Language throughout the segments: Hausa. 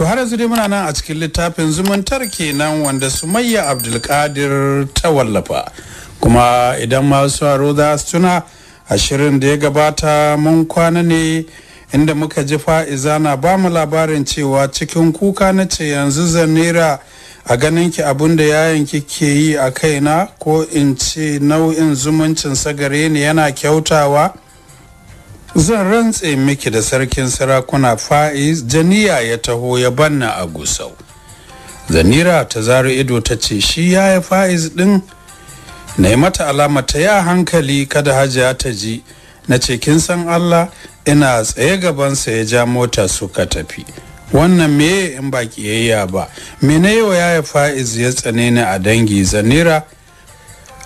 to har yanzu dai muna nan a cikin littafin zumuntar kenan wanda sumayya abdulkadir ta wallafa kuma idan masu haro za su tuna ashirin da ya gabata mun kwana ne inda muka ji fa'iza na ba mu labarin cewa cikin kuka na ce yanzu zanera a ganin ki abun da yayan ke yi a kaina ko in ce nau'in zumuncin sagare ne yana kyautawa zan rantse miki da sarkin sarakuna fa'iz janiya ya taho ya banna a gusau zanira ta zaro ido ta ce shi ya yi fa'iz din na yi mata alama ta ya hankali kada hajiya ta ji na ce kin san allah ina tsaye gabansa ya ja mota suka tafi wannan me in ba kiyayya ba mene yau ya yi fa'iz ya tsane ni a dangi zanira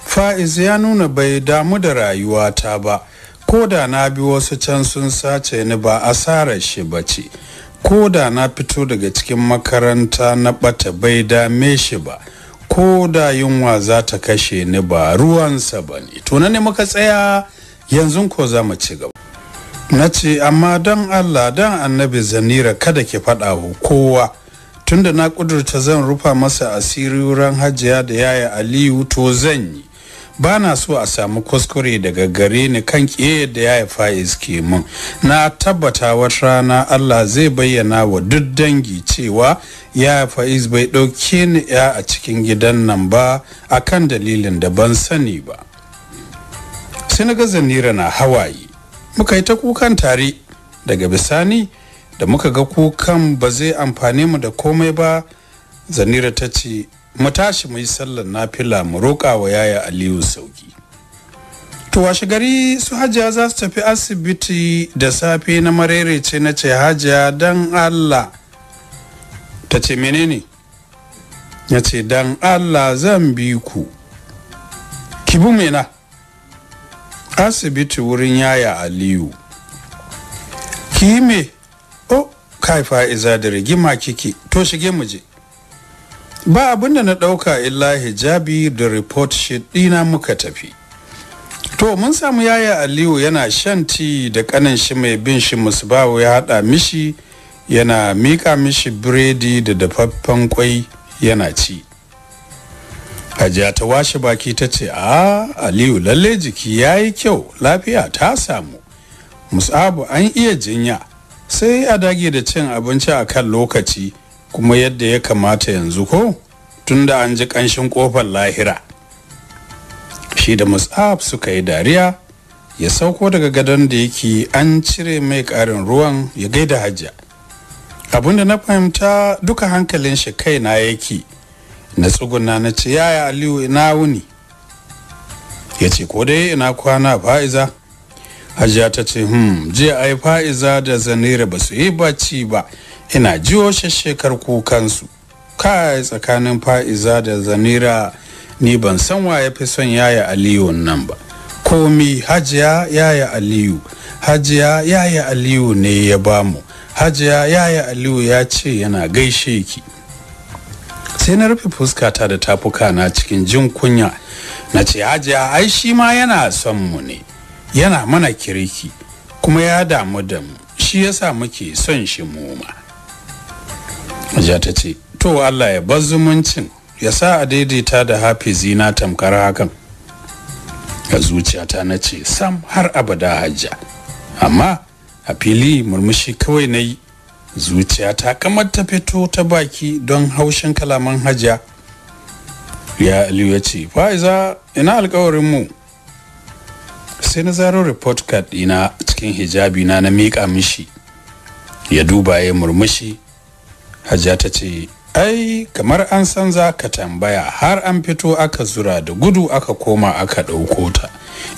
fa'iz ya nuna bai damu da rayuwata ba ko da na bi wasu can sun sace ni ba asarar shi ba ce ko da na fito daga cikin makaranta na bata bai dame shi ba ko da yunwa za ta kashe ni ba ruwansa ba ne tunan ne muka tsaya yanzu ko za mu ci gaba na ce amma don allah don annabi zanira kada ki faɗa wa kowa tunda na ƙudurta zan rufa masa asiri wurin hajiya da yaya aliyu to zan yi ba na so a samu kuskure daga gare ni kan ke da ya haifa iske mun na tabbata wata rana allah zai bayyana wa duk dangi cewa ya fa'iz bai ɗauke ni ya a cikin gidan nan ba a kan dalilin da ban sani ba sinaga zanira na hawaye muka yi ta kukan tare daga bisani da muka ga kukan ba zai amfane mu da komai ba zanira ta ce mu tashi mu yi sallar nafila mu roƙa wa yaya aliyu sauki to washe gari su hajiya za su tafi asibiti da safe na marerece na ce hajiya don allah ta ce menene ya ce don allah zan bi ku ki mena asibiti wurin yaya aliyu ki me o oh, kai fa'iza da rigima kike to shige mu je ba abin da na ɗauka illa hijabi da report sheet ɗina muka tafi to mun samu yaya aliyu yana shan ti da kanin shi mai bin shi musbahu ya haɗa mishi yana mika mishi biredi da dafaffen kwai yana ci hajiya ta washe baki ta ce a aliyu lalle jiki ya yi kyau lafiya ta samu musabu an iya jinya sai a dage da cin abinci a kan lokaci kuma yadda ya kamata yanzu ko tunda an ji ƙanshin kofar lahira shi da musab suka yi dariya ya sauko daga gadon da yake an cire mai ƙarin ruwan ya gaida hajja da na fahimta duka hankalin shi kai na yake na tsuguna na ce yaya aliyu ina wuni ya ce ko dai ina kwana fa'iza hajja ta ce hmm jiya ai fa'iza da zanira ba su yi bacci ba ina jiwo shekar su kai tsakanin fa'iza da zanira ni ban san wa ya fi son yaya aliyu nan ba komi hajiya yaya aliyu hajiya yaya aliyu ne ya bamu hajiya yaya aliyu ya ce yana gaishe ki sai na rufe fuskata da tafuka na cikin jin kunya na ce hajiya ai shi ma yana son mu ne yana mana kirki kuma ya damu da mu shi yasa muke son shi mu ma ja ta ce to allah ya bar zumuncin ya sa a daidaita da hafizi na tamkar hakan a zuciyata na ce sam har abada hajja amma a fili murmushi kawai na yi zuciyata kamar ta fito ta baki don haushin kalaman hajja ya aliyu ya ce fa'iza ina mu. sai na zaro report card ɗina cikin hijabi na na miƙa mishi ya duba ya murmushi hajiya ta ce ai kamar an san za ka tambaya har an fito aka zura da gudu aka koma aka ɗauko ta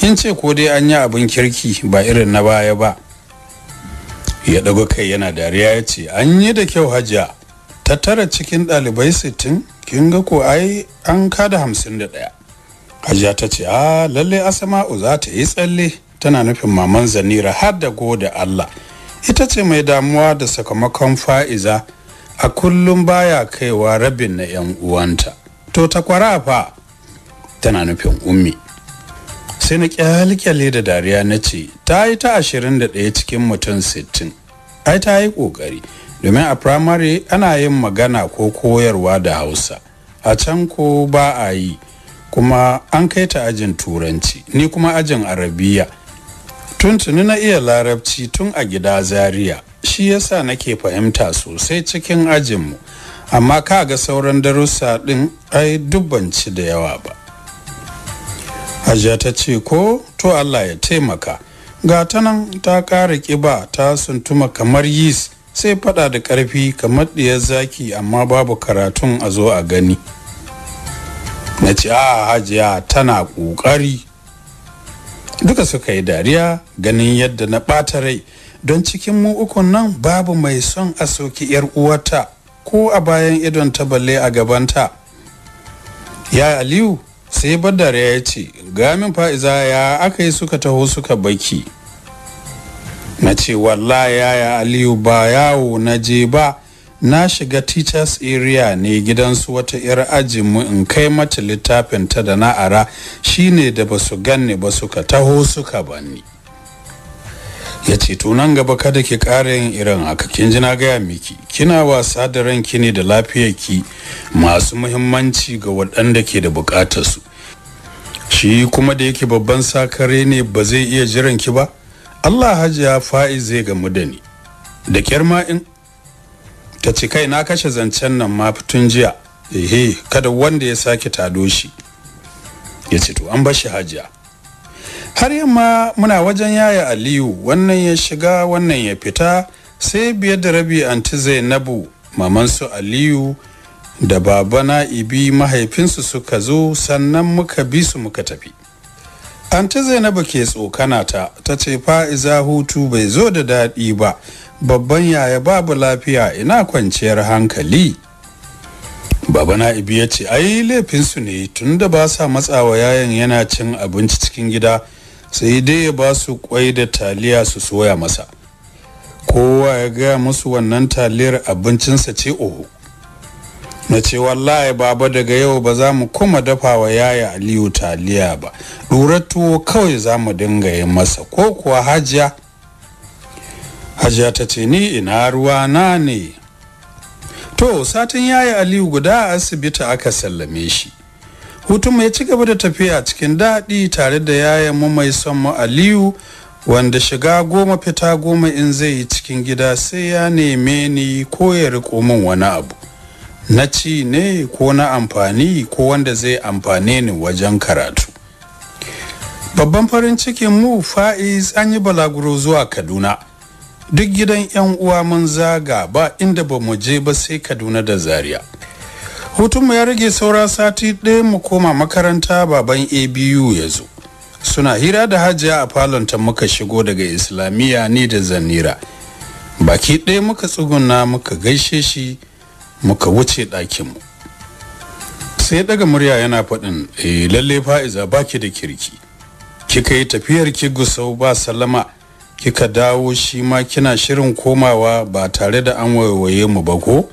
in ce ko dai an yi abin kirki ba irin na baya ba ya ɗago kai yana dariya ya ce an yi da kyau hajiya ta tara cikin ɗalibai sittin kin ga ko ai an kada hamsin da ɗaya hajiya ta ce a lallai asama'u za ta yi tsalle tana nufin maman zanira har da goda allah ita ce mai damuwa da sakamakon fa'iza a kullum baya kaiwa rabin na 'yan uwanta to takwara fa tana nufin ummi sai na kyalkyale da dariya na ce ta yi ta 21 cikin mutum sittin, ai ta yi kokari domin a firamare ana yin magana ko koyarwa da hausa a can ko ba a yi kuma an kai ta ajin turanci ni kuma ajin arabiya tun tuni na iya larabci tun a gida zaria shi yasa nake fahimta sosai cikin ajinmu amma ka ga sauran darussa ɗin ai dubbanci da yawa ba hajiya ta ce ko to allah ya taimaka ga ta nan ta ƙara ƙiba ta suntuma kamar yis sai fada da ƙarfi kamar ɗiyar zaki amma babu karatun a zo a gani na ce a hajiya tana ƙoƙari duka suka yi dariya ganin yadda na ɓata rai don cikin mu ukun nan babu mai son a soki yar uwarta ko a bayan idon ta balle a gabanta ya aliyu sai baddare ya ce gamin fa'iza ya aka yi suka taho suka baki na ce wallahi ya aliyu ba yawo na je ba na shiga teachers area ne gidansu wata 'yar ajinmu in kai mata littafin ta da na ara shine da basu ganni ba suka taho suka bani. ya ce to nan gaba kada ki kara yin irin haka kin ji na gaya miki kina wasa da ranki ne da lafiyar ki masu muhimmanci ga waɗanda ke da buƙatar su shi kuma da yake babban sakare ne ba zai iya jiran ki ba Allah hajiya fa'i zai gamu da ni da kyar ma in ta ci kai na kashe zancen nan ma fitun jiya ehe kada wanda ya sake tado shi ya ce to an bashi hajiya har yamma muna wajen yaya aliyu wannan ya shiga wannan ya fita sai biyar da rabi anti zainabu mamansu aliyu da baba ibi mahaifinsu suka zo sannan muka bi su muka tafi anti zainabu ke tsokana ta ta ce fa'iza hutu bai zo da daɗi ba babban yaya babu lafiya ina kwanciyar hankali baba ibi ya ce ai laifinsu ne tunda ba sa matsawa yayan yana cin abinci cikin gida sai dai ya ba su kwai da taliya su soya masa kowa ya gaya musu wannan taliyar abincinsa ce oho na ce wallahi baba daga yau ba za mu kuma dafa wa yaya aliyu taliya ba lura tuwo kawai za mu dinga yin masa ko kuwa hajiya hajiya ta ce ni ina ruwa na ne to satin yaya aliyu guda a asibiti aka sallame shi hutun mai ci gaba da tafiya cikin daɗi tare da yayan mu mai son mu aliyu wanda shiga goma fita goma in zai yi cikin gida sai ya neme ni ko ya riko min wani abu na ci ne ko na amfani ko wanda zai amfane ni wajen karatu babban farin cikin mu fa'iz an yi balaguro zuwa kaduna duk gidan 'yan uwa mun zaga ba inda ba mu je ba sai kaduna da zaria hutunmu ya rage saura sati ɗaya mu koma makaranta baban abu ya zo suna hira da hajiya a falonta muka shigo daga islamiyya ne da zanira baki ɗaya muka tsuguna muka gaishe shi muka wuce ɗakinmu sai daga murya yana faɗin e, lalle fa'iza baki da kirki kika yi tafiyar ki gusau ba salama, kika dawo shi ma kina shirin komawa ba tare da an waiwaye mu ba ko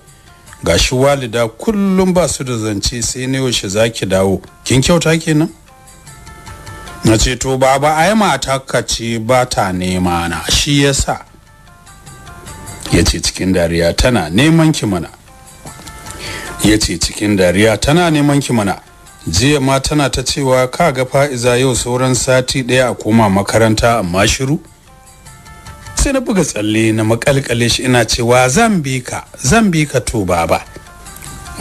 gashi walida kullum ba su da zance sai na yaushe za ki dawo kin kyauta kenan na ce to baba yi mata ka ce ba ta nema na shi sa ya ce cikin dariya tana neman ki mana ya ce cikin dariya tana neman ki mana jiya ma tana ta cewa ka ga fa'iza yau sauran sati ɗaya a koma makaranta amma shiru sai na buga tsalle na makalkale shi ina cewa zan bi ka zan bi ka to baba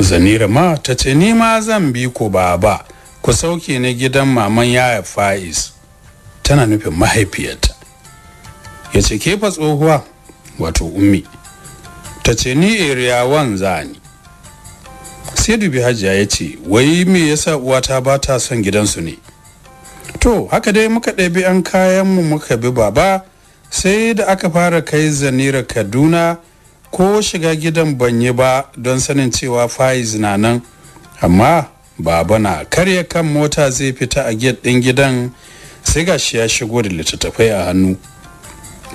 zanira ma ta ce ni ma zan bi ku baba ku sauke ni gidan maman yaya faiz tana nufin mahaifiyarta ya ce ke fa tsohuwa wato ummi ta ce ni area wan zani sai dubi hajiya ya ce wai me yasa uwata ba ta son gidansu ne to haka dai muka ɗabi an kayanmu muka bi baba sai da aka fara kai zanira kaduna ko shiga gidan banye ba don sanin cewa faiz na nan amma baba na karya kan mota zai fita a gate ɗin gidan sai gashi ya shigo da littattafai a hannu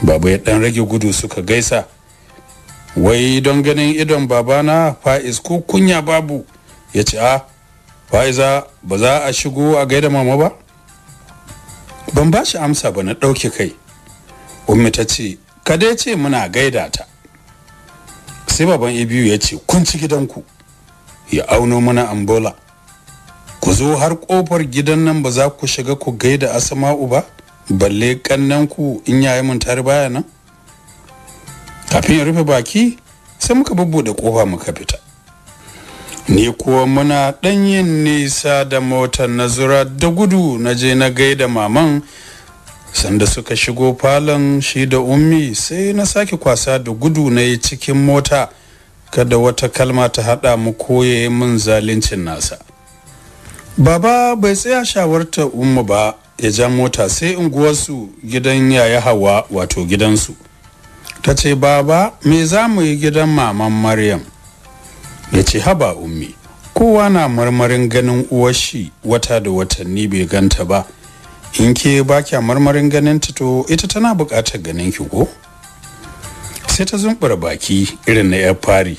baba ya ɗan rage gudu suka gaisa wai don ganin idon babana faiz ko kunya babu ya ce a ah, faiza ba za a shigo a gaida mama ba ban ba shi amsa ba na dauke kai ummi ta ce ka dai ce muna gaida ta sai baban ibiyu ya ce kun ci gidanku ya auno mana ambola ku zo har kofar gidan nan ba za ku shiga ku gaida asama'u ba balle ku, in yayi mun tari baya nan kafin ya rufe baki sai muka bubbuɗe kofa muka fita ni kuwa muna ɗanyin nisa da motar na zura da gudu na je na gaida maman sanda suka shigo falon shi da ummi sai na sake kwasa da gudu na yi cikin mota kada wata kalma ta haɗa mu koye mun zalincin nasa baba bai tsaya shawarta umma ba ya ja mota sai unguwarsu gidan yaya hawa wato gidansu ta ce baba me za mu yi gidan maman maryam ya ce haba ummi kowa na marmarin ganin uwashi wata da watanni bai ganta ba in ke ba a marmarin ganin ta to ita tana buƙatar ganin ki ko sai ta zumbura baki irin na 'yar fari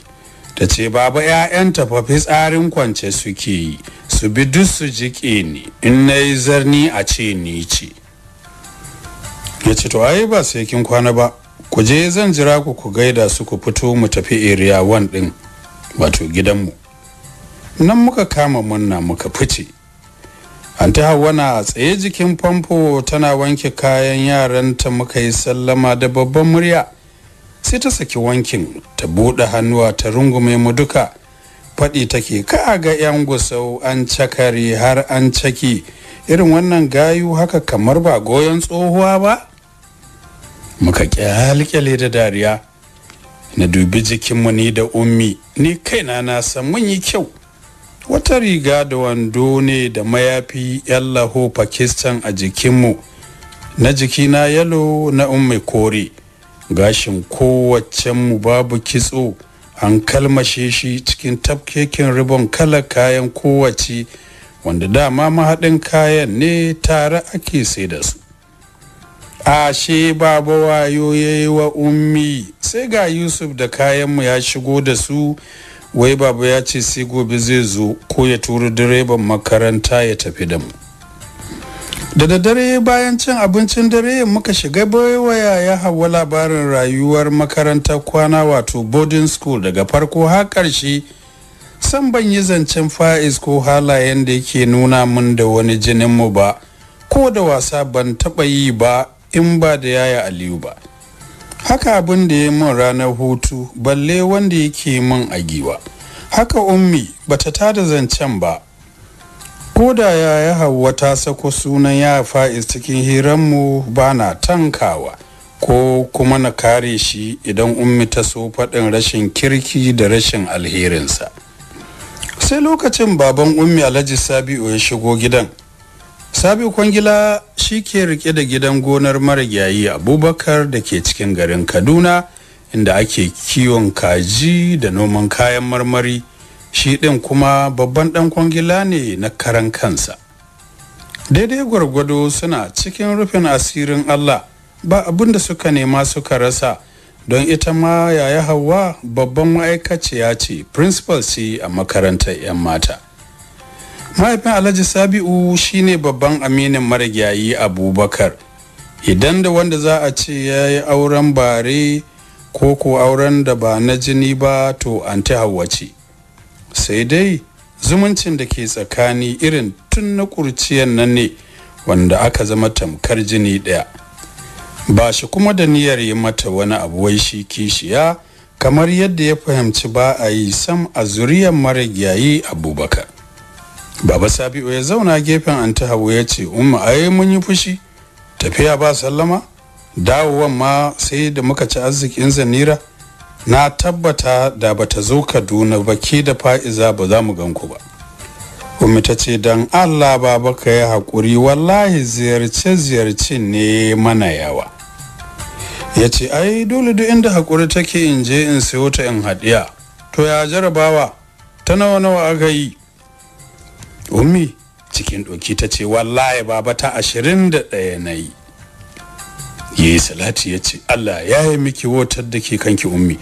ta ce baba 'ya'yanta fa fitsarin kwance suke yi su bi duk su jiƙe ni in na yi zarni a ce ni ce ya ce to ai ba sai kin kwana ba ku je zan jira ku ku gaida su ku fito mu tafi area 1 din wato gidanmu nan muka kama munna muka fice an ta a tsaye jikin famfo tana wanke kayan yaranta muka yi sallama da babban murya sai ta saki wankin ta buɗe hannuwa ta rungume mu duka faɗi take ka ga yan gusau an cakari har an caki irin wannan gayu haka kamar ba goyon tsohuwa ba muka kyalkyale da dariya na dubi jikinmu ni da ummi ni kaina na san mun yi kyau wata riga da wando ne da mayafi yan pakistan a jikinmu na jikina yalo na umme kore gashin kowaccenmu babu kitso an kalmashe shi cikin tafkekin ribon kala kayan kowace wanda dama mahaɗin kayan ne tare ake sai da su ashe babu wayo ya wa ummi sai ga yusuf da kayanmu ya shigo da su wai babu ya ce sai gobe zai zo ko ya turi direban makaranta ya tafi da mu da daddare bayan cin abincin dare muka shiga waya ya hawa labarin rayuwar makaranta kwana wato boarding school daga farko har karshe san ban yi zancen fa'iz ko halayen da yake nuna mun da wani jinin mu ba ko da wasa ban taɓa yi ba in ba da yaya aliyu ba haka abin da ya min ranar hutu balle wanda yake min a giwa haka ummi bata tada zancen ba ko da ya hawa ta sako sunan ya fa'iz cikin hiranmu ba na tankawa ko kuma na kare shi idan ummi ta so faɗin rashin kirki da rashin alherinsa sai lokacin baban ummi alhaji sabi'u ya shigo gidan sabi Kwangila shi ke rike da gidan gonar marigayi Abubakar da ke cikin garin Kaduna inda ake kiwon kaji da noman kayan marmari shi ɗin kuma babban ɗan kwangila ne na karan kansa. Daidai gwargwado suna cikin rufin asirin Allah ba abin da suka nema suka rasa don ita ma yaya hawa babban ma'aikaciya ce principal ce a makarantar 'yan mata. mahaifin alhaji sabi'u shine babban aminin marigayi abubakar idan da wanda za a ce ya yi auren bare ko ko auren da ba na jini ba to an ta ce sai dai zumuncin da ke tsakani irin tun na kurciyar nan ne wanda aka zama tamkar jini ɗaya ba shi kuma da niyyar yi mata wani abu wai shi kishiya kamar yadda ya fahimci ba a yi sam a zuriyar marigayi abubakar baba sabi'u ya zauna gefen anta habu ya ce umma ai mun yi fushi tafiya ba sallama dawowan ma sai da muka ci arzikin zanira na tabbata da bata zo kaduna ba ke da fa'iza ba za mu ganku ba umma ta ce don allah baba ka yi haƙuri wallahi ziyarce-ziyarce ne mana yawa ya ce ai dole duk inda haƙuri take in je in sayo ta in haɗiya to ya jarabawa ta nawa nawa aka yi ummi cikin ɗoki ta ce wallahi baba ta ashirin da ɗaya na yi ya yi salati ya ce allah ya yi miki wotar da ke kanki ummi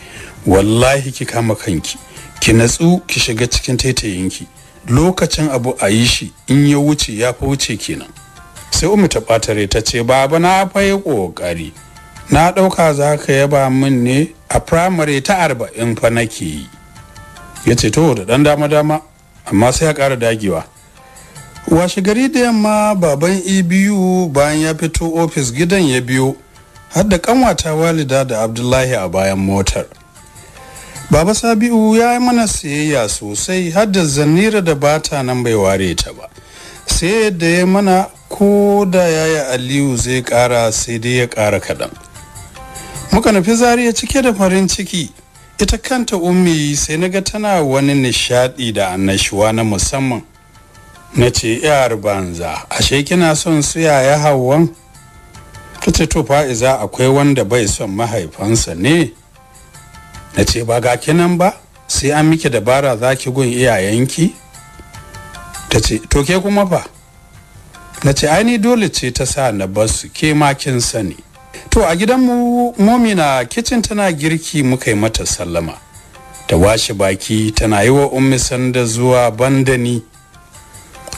wallahi ki kama kanki ki natsu ki shiga cikin taitayinki lokacin abu a yi shi in ya wuce ya fi wuce kenan sai ummi ta ɓatare ta ce baba na fai ƙoƙari na ɗauka za ka yaba min ne a firamare ta arba'in fa nake yi ya ce to da ɗan dama dama amma sai ya ƙara dagewa washe gari da yamma baban ebu bayan ya fito ofis gidan ya biyo har da kanwata walida da abdullahi a bayan motar baba sabi'u ya yi mana siyayya sosai har da zanira da bata nan bai ware ta ba sai da ya mana ko da yaya aliyu zai kara sai dai ya kara kaɗan muka nufi zariya cike da farin ciki ita kanta ummi sai naga tana wani nishadi da annashuwa na musamman na ce yar banza ashe kina son su yaya hawan ta ce to fa'iza akwai wanda bai son mahaifansa ne na ce ba ga kinan ba sai an miki dabara za ki gun iyayenki ta ce to ke kuma fa na ce ai dole ce ta sa na basu ke ma kin sani to a gidanmu momina kicin tana girki muka yi mata sallama ta washe baki tana yi wa ummi sanda zuwa bandani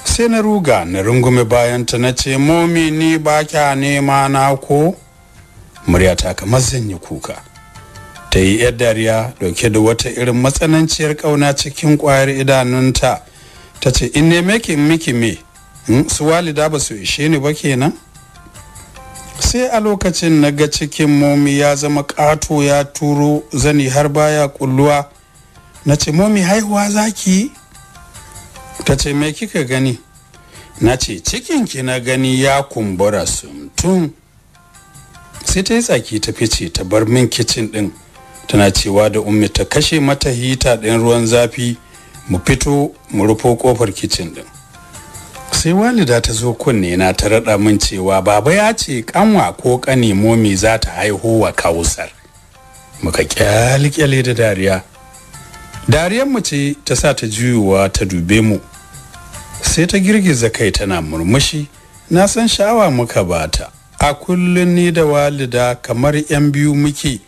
sai na ruga na rungume bayanta na ce momi ni ba kya nema na ko muryata kamar zan yi kuka ta yi yar dariya dauke da wata irin matsananciyar kauna cikin kwayar idanunta ta ce in ne miki miki me hmm, su walida ba su ishe ni ba kenan sai a lokacin na ga cikin momi ya zama kato ya turo zani har baya kulluwa na ce momi haihuwa zaki ta ce me kika gani na ce cikinki na gani ya kumbura sumtun sai ta yi tsaki ta fice ta bar min kicin din tana cewa da ummi ta kashe mata hita ɗin ruwan zafi mu fito mu rufo kofar kicin din sai walida ta zo kunne na ta raɗa min cewa baba ya ce kanwa ko ƙanimomi za ta haihuwa kawusar muka kyalikyale da dariya dariyar mace ta sa ta juyowa ta dube mu sai ta girgiza kai tana murmushi na san sha'awa muka bata a kullum ni da walida kamar 'yan biyu muke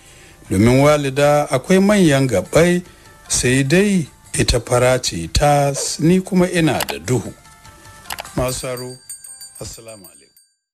domin walida akwai manyan gabai sai dai ita fara ce ta ni kuma ina da duhu masu assalamu